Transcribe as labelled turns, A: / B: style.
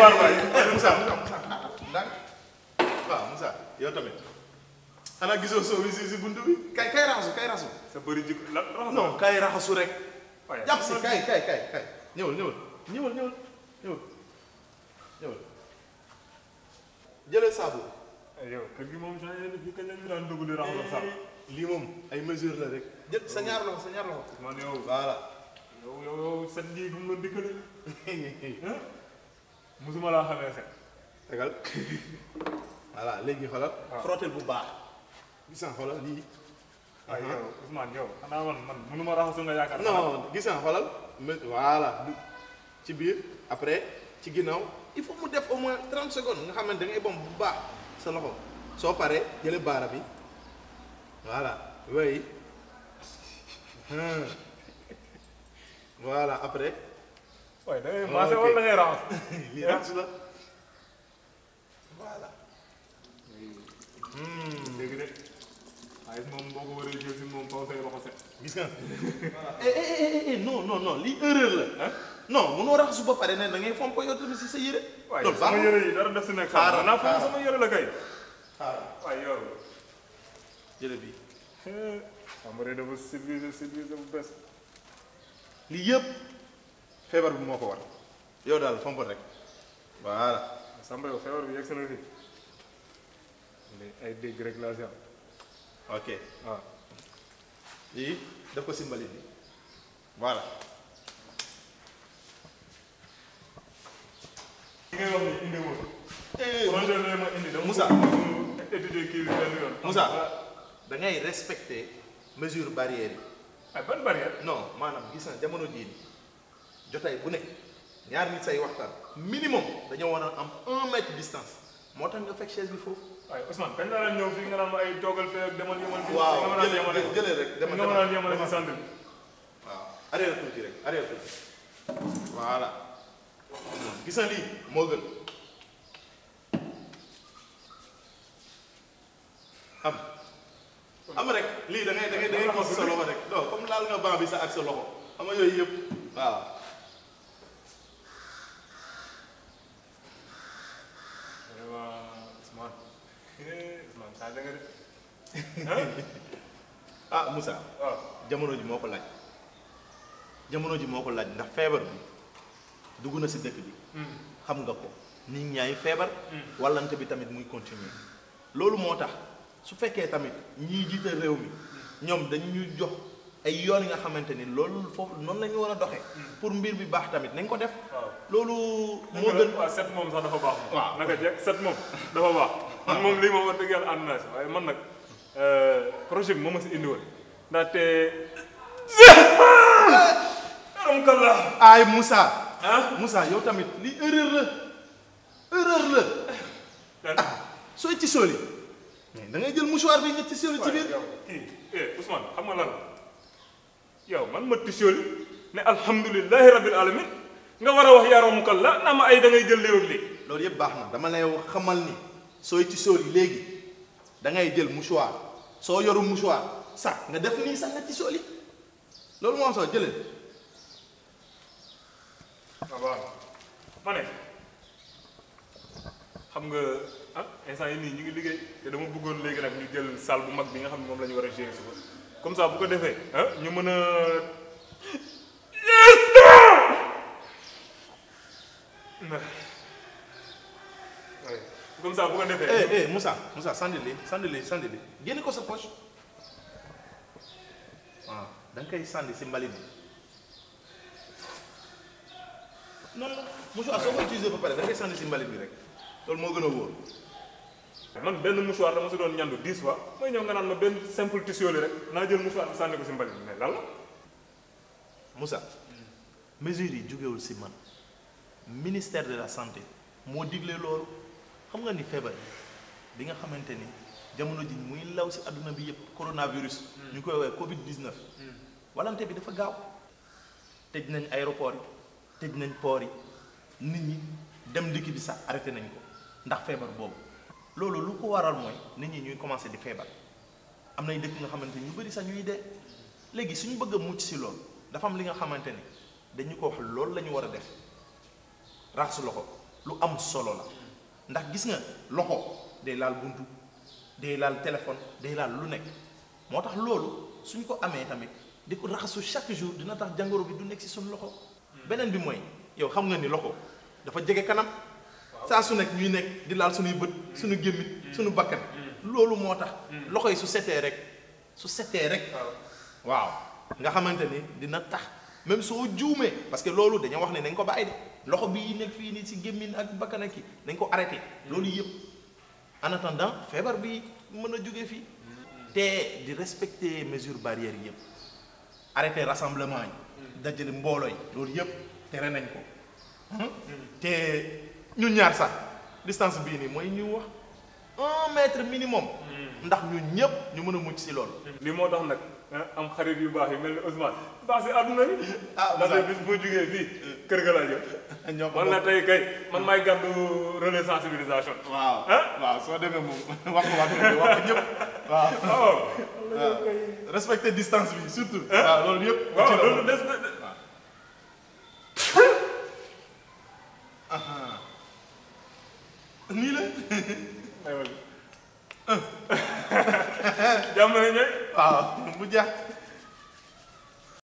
A: waay Moussa, Moussa Moussa Moussa yo tamit Ana C'est wi si buntu bi kay kay kay raxasu sa non kay raxasu rek c'est kay kay kay kay C'est C'est C'est gi C'est C'est daan dugg li C'est ay mesure rek sa sa man musuma laa xamee set tegal voilà léegi xoolal ah. frottel bu baax gis nga xoolal lii waaye ah, yow Ousmane yow man man raxasu nga yaakaar non gis nga voilà ci biir après ci ginnaaw il faut mu def au moins 30 secondes nga xam ne da ngay bomb bu baax sa loxo baara bi voilà voilà après waaye da ngay maase wala da ngay raxas. lii raxas la voilà. dégg nga waaye moom boo ko waree jël moom kaw say loxo set. gis nga non non non lii erreur la non mënoo raxasu ba pare ne da ngay fomp yow tamit si sa yére. loolu sama yére yi dara def si nekk. xaaral xaaral xaaral sama yére la kay. xaaral waaye yow. jële bi. xam eh, nga dafa service service bu bees. lii yëpp. feebar bi moo ko war yow daal fompal rek voilà. Samba yow feebar bi yegg si na ay dégg rek laa si am. ok waaw. Ah. lii daf ko si bi voilà. li ngay wax ni indi wóor. projet bi ma indi de mesure barrière yi. ay ah, ban barrière. non maanaam gis na jamono jii. jotaay bu nekk ñaar nit say waxtaan minimum dañoo war am un mètre distance moo tax nga fekk chaise bi foofu. waaye Ousmane kañ laa ñëw fii nga naan ay toogal fee ak demal jëlee rek demal yemal nga mën a yemal ci centre bi. waaw arrière gis na lii moo gën am. am rek lii da ngay da ngay da sa loxo rek non comme laal nga ban bi sa ak sa loxo xam nga yëpp waaw. man saa da ah Moussa. Ah. jamono ji moo ko laaj. jamono ji moo ko laaj ndax feebar bi dugg na si dëkk bi. Hmm. xam nga ko nit ñaay feebar. Hmm. wàllante bi tamit muy continuer loolu moo tax su fekkee tamit ñiy jiite réew mi hmm. ñoom dañu ñuy jox. ay yoon yi nga xamanteni loolu fofu non lañu wara doxé pour mbir bi bax tamit nañ ko def loolu mo gën wa set mom sax dafa bax waaw naka jek set mom dafa bax man mom li moom wax dëgg yàlla ànd naa si waaye man nag euh, projet bi moo ma si indi woon ndaxte amkalla ay Moussa Moussa yow tamit li erreur la erreur la ah, Soy ci soli da ngay jël mouchoir bi nga ci soli ci bir. Eh Ousmane xam nga lan yow man ma tisooli ne alhamdullilah rabbil alamin nga wara wax ya ramuka la naa ay da ngay jël léegi léegi dama lay xamal ni sooy tisooli legi da ngay jël mouchoir so yoru mouchoir Sa nga def ni sa nga tisooli li lolou mo so jël ah, waaw ma juga xam nga ah instant yi nii ñu ngi liggéey te dama bëggoon léegi nag ñu jël salle bu mag bi nga xam gérer comme ça, vous connaissez. Hein? Nous pouvons... Yes, no! Comme ça, vous connaissez. Hé, hey, hé, hey, Moussa, Moussa, sans délai, sans délai, sans délai. Gagnez quoi sa poche D'un cas, il sent c'est malin. Non, non, monsieur, à ce moment-là, tu ne veux pas parler. cas, il sent c'est malin direct. Tout le monde est au bout. man benn mouchoir dama si doon ñandu dix fois mooy ñëw nga naan ma benn simple tissu li rek naa jël mouchoir bi sànni ko si mbalit mais lan la. Moussa mesures jógewul si man ministère de la santé moo digle loolu xam nga ni feebar bi nga xamante ni jamono ji muy law si àdduna bi yëpp coronavirus. Hmm. ñu koy woowee Covid 19. Hmm. walante bi dafa gaaw. tëj nañ aéroport yi tëj nañ port yi nit ñi dem dikki bi sax arrêté nañ ko ndax feebar boobu. Lolo lu ko waral moy nit ñi ñuy commencé di feebar am nay dëkk nga xamanteni ñu bari sa ñuy dé légui suñu bëgg mucc si lool dafa am li nga xamanteni dañ dañu ko wax lool lañu wara def raxas loxo lu am solo la ndax gis nga loxo day laal buntu day laal téléphone day laal lu nekk motax tax suñ ko amé tamit diko raxsu chaque jour dina tax jangoro bi du nekk si suñu loxo hmm. benen bi moy yow xam nga ni loxo dafa jege kanam saa su nekk ñuy nekk di laal suñuy bët suñu gémmit suñu bakkan loolu moo tax loxo su setee rek su setee rek waaw nga xamante ni dina tax même soo juumee parce que loolu dañoo wax ne nañ ko bàyyi de loxo bii nekk fii nii si gémmin ak bakkan ak nañ ko arrêté loolu yëpp en attendant feebar bi mën a jógee fii te di respecter mesure barrière yëpp arrêté rassemblement yi dajale mbooloo yi loolu yëpp tere nañ ko hmm? te ñu ñaar sax distance bii nii mooy ñu wax un mètre minimum. Hmm. ndax ñun ñëpp ñu mën a mucc si loolu. li moo tax nag ah, am xarit yu baax yi mel ni Ousmane baax si àdduna yi. ah Ousmane bis boo jugee fii kër ga laa jëm. ñoo ko la tey kay man maay gàddu relais sensibilisation. waaw ah? waaw soo demee moom wax ko wax ko wax ah, waaw waaw distance bi surtout. waaw loolu yëpp. waaw loolu des nii la. jàmm nañu waaw bu jeex.